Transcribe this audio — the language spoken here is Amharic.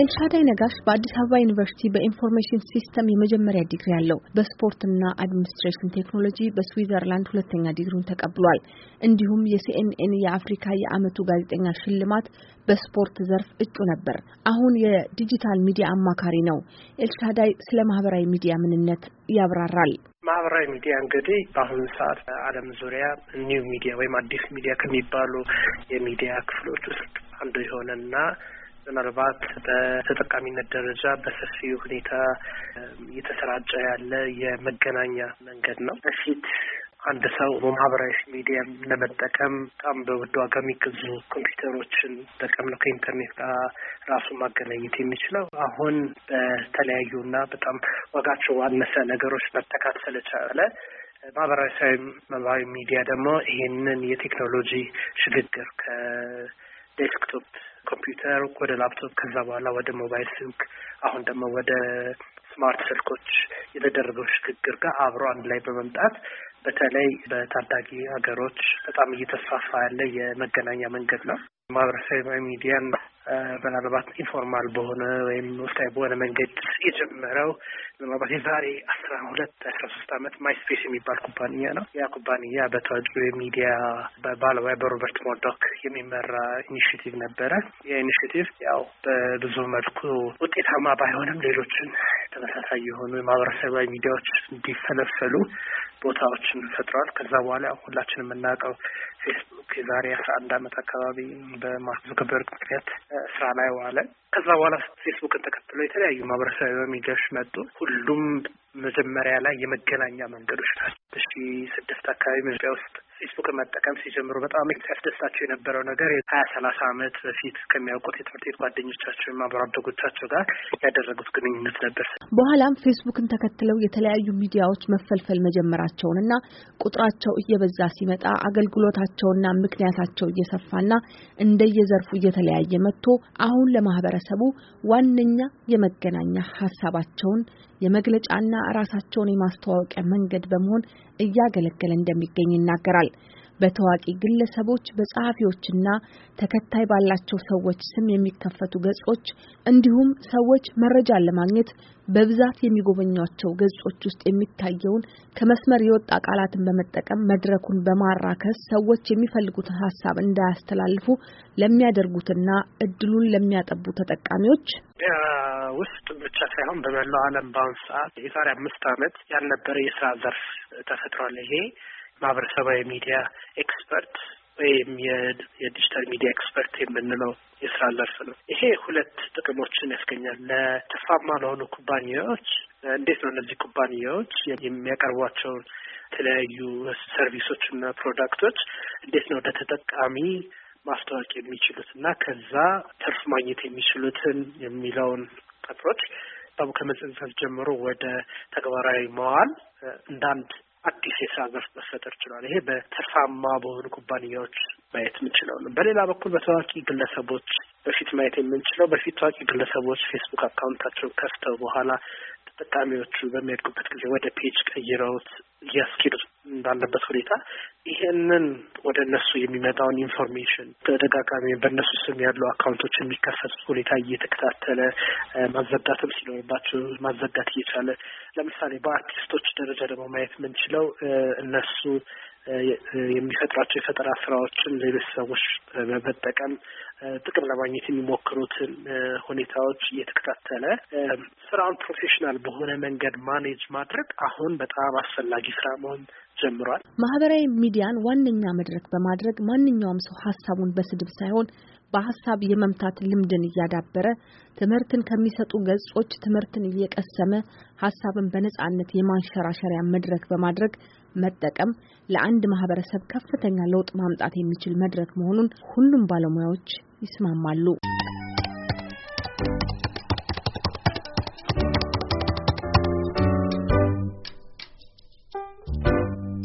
ኤልሻዳይ ነጋሽ በአዲስ አበባ ዩኒቨርሲቲ በኢንፎርሜሽን ሲስተም የመጀመሪያ ዲግሪ ያለው በስፖርትና አድሚኒስትሬሽን ቴክኖሎጂ በስዊዘርላንድ ሁለተኛ ዲግሪውን ተቀብሏል። እንዲሁም የሲኤንኤን የአፍሪካ የዓመቱ ጋዜጠኛ ሽልማት በስፖርት ዘርፍ እጩ ነበር። አሁን የዲጂታል ሚዲያ አማካሪ ነው። ኤልሻዳይ ስለ ማህበራዊ ሚዲያ ምንነት ያብራራል። ማህበራዊ ሚዲያ እንግዲህ በአሁኑ ሰዓት ዓለም ዙሪያ ኒው ሚዲያ ወይም አዲስ ሚዲያ ከሚባሉ የሚዲያ ክፍሎች ውስጥ አንዱ የሆነና ምናልባት በተጠቃሚነት ደረጃ በሰፊ ሁኔታ እየተሰራጨ ያለ የመገናኛ መንገድ ነው። በፊት አንድ ሰው በማህበራዊ ሚዲያም ለመጠቀም በጣም በውድ ዋጋ የሚገዙ ኮምፒውተሮችን ጠቀም ነው ከኢንተርኔት ጋር ራሱን ማገናኘት የሚችለው። አሁን በተለያዩና በጣም ዋጋቸው አነሰ ነገሮች መተካት ስለቻለ ማህበራዊ ማህበራዊ ሚዲያ ደግሞ ይሄንን የቴክኖሎጂ ሽግግር ከዴስክቶፕ ኮምፒውተር ወደ ላፕቶፕ፣ ከዛ በኋላ ወደ ሞባይል ስልክ፣ አሁን ደግሞ ወደ ስማርት ስልኮች የተደረገው ሽግግር ጋር አብሮ አንድ ላይ በመምጣት በተለይ በታዳጊ ሀገሮች በጣም እየተስፋፋ ያለ የመገናኛ መንገድ ነው። ማህበረሰብ ሚዲያን ምናልባት ኢንፎርማል በሆነ ወይም ወፍታዊ በሆነ መንገድ የጀመረው ምናልባት የዛሬ አስራ ሁለት አስራ ሶስት አመት ማይስፔስ የሚባል ኩባንያ ነው። ያ ኩባንያ በታዋቂው የሚዲያ ባለሙያ በሮበርት ሞርዶክ የሚመራ ኢኒሽቲቭ ነበረ። ያ ኢኒሽቲቭ ያው በብዙ መልኩ ውጤታማ ባይሆንም ሌሎችን ተመሳሳይ የሆኑ የማህበረሰባዊ ሚዲያዎች እንዲፈለፈሉ ቦታዎችን ፈጥሯል። ከዛ በኋላ ሁላችንም የምናውቀው ፌስ የዛሬ አስራ አንድ አመት አካባቢ በማርክ ዙከርበርግ ምክንያት ስራ ላይ ዋለ። ከዛ በኋላ ፌስቡክን ተከትሎ የተለያዩ ማህበረሰብ ሚዲያዎች መጡ። ሁሉም መጀመሪያ ላይ የመገናኛ መንገዶች ናቸው። ሺ ስድስት አካባቢ ኢትዮጵያ ውስጥ ፌስቡክ መጠቀም ሲጀምሩ በጣም ያስደስታቸው የነበረው ነገር ሀያ ሰላሳ ዓመት በፊት ከሚያውቁት የትምህርት ቤት ጓደኞቻቸው የማህበራ አደጎቻቸው ጋር ያደረጉት ግንኙነት ነበር። በኋላም ፌስቡክን ተከትለው የተለያዩ ሚዲያዎች መፈልፈል መጀመራቸውንና ቁጥራቸው እየበዛ ሲመጣ አገልግሎታቸውና ምክንያታቸው እየሰፋና እንደየዘርፉ እየተለያየ መጥቶ አሁን ለማህበረሰቡ ዋነኛ የመገናኛ ሀሳባቸውን የመግለጫና ራሳቸውን የማስተዋወቂያ መንገድ በመሆን እያገለገለ እንደሚገኝ ይናገራል። በታዋቂ ግለሰቦች በጸሐፊዎችና ተከታይ ባላቸው ሰዎች ስም የሚከፈቱ ገጾች እንዲሁም ሰዎች መረጃን ለማግኘት በብዛት የሚጎበኟቸው ገጾች ውስጥ የሚታየውን ከመስመር የወጣ ቃላትን በመጠቀም መድረኩን በማራከስ ሰዎች የሚፈልጉትን ሀሳብ እንዳያስተላልፉ ለሚያደርጉትና እድሉን ለሚያጠቡ ተጠቃሚዎች ውስጥ ብቻ ሳይሆን በመላው ዓለም በአሁኑ ሰዓት የዛሬ አምስት ዓመት ያልነበረ የስራ ዘርፍ ተፈጥሯል። ይሄ ማህበረሰባዊ ሚዲያ ኤክስፐርት ወይም የዲጂታል ሚዲያ ኤክስፐርት የምንለው የስራ ዘርፍ ነው። ይሄ ሁለት ጥቅሞችን ያስገኛል። ለትርፋማ ለሆኑ ኩባንያዎች እንዴት ነው እነዚህ ኩባንያዎች የሚያቀርቧቸውን የተለያዩ ሰርቪሶች እና ፕሮዳክቶች እንዴት ነው ለተጠቃሚ ማስተዋወቅ የሚችሉት እና ከዛ ትርፍ ማግኘት የሚችሉትን የሚለውን ተግሮች ከመጸንሰት ጀምሮ ወደ ተግባራዊ መዋል እንደ አንድ አዲስ የስራ ዘርፍ መፈጠር ችሏል። ይሄ በትርፋማ በሆኑ ኩባንያዎች ማየት የምንችለው ነው። በሌላ በኩል በታዋቂ ግለሰቦች በፊት ማየት የምንችለው በፊት ታዋቂ ግለሰቦች ፌስቡክ አካውንታቸውን ከፍተው በኋላ ተጠቃሚዎቹ በሚያድጉበት ጊዜ ወደ ፔጅ ቀይረውት እያስኪዱት ባለበት ሁኔታ ይሄንን ወደ እነሱ የሚመጣውን ኢንፎርሜሽን ተደጋጋሚ በእነሱ ስም ያሉ አካውንቶች የሚከፈቱት ሁኔታ እየተከታተለ ማዘጋትም ሲኖርባቸው ማዘጋት እየቻለ ለምሳሌ በአርቲስቶች ደረጃ ደግሞ ማየት የምንችለው እነሱ የሚፈጥሯቸው የፈጠራ ስራዎችን ሌሎች ሰዎች በመጠቀም ጥቅም ለማግኘት የሚሞክሩትን ሁኔታዎች እየተከታተለ ስራውን ፕሮፌሽናል በሆነ መንገድ ማኔጅ ማድረግ አሁን በጣም አስፈላጊ ስራ መሆን ጀምሯል። ማህበራዊ ሚዲያን ዋነኛ መድረክ በማድረግ ማንኛውም ሰው ሀሳቡን በስድብ ሳይሆን በሀሳብ የመምታት ልምድን እያዳበረ ትምህርትን ከሚሰጡ ገጾች ትምህርትን እየቀሰመ ሀሳብን በነጻነት የማንሸራሸሪያ መድረክ በማድረግ መጠቀም ለአንድ ማህበረሰብ ከፍተኛ ለውጥ ማምጣት የሚችል መድረክ መሆኑን ሁሉም ባለሙያዎች ይስማማሉ።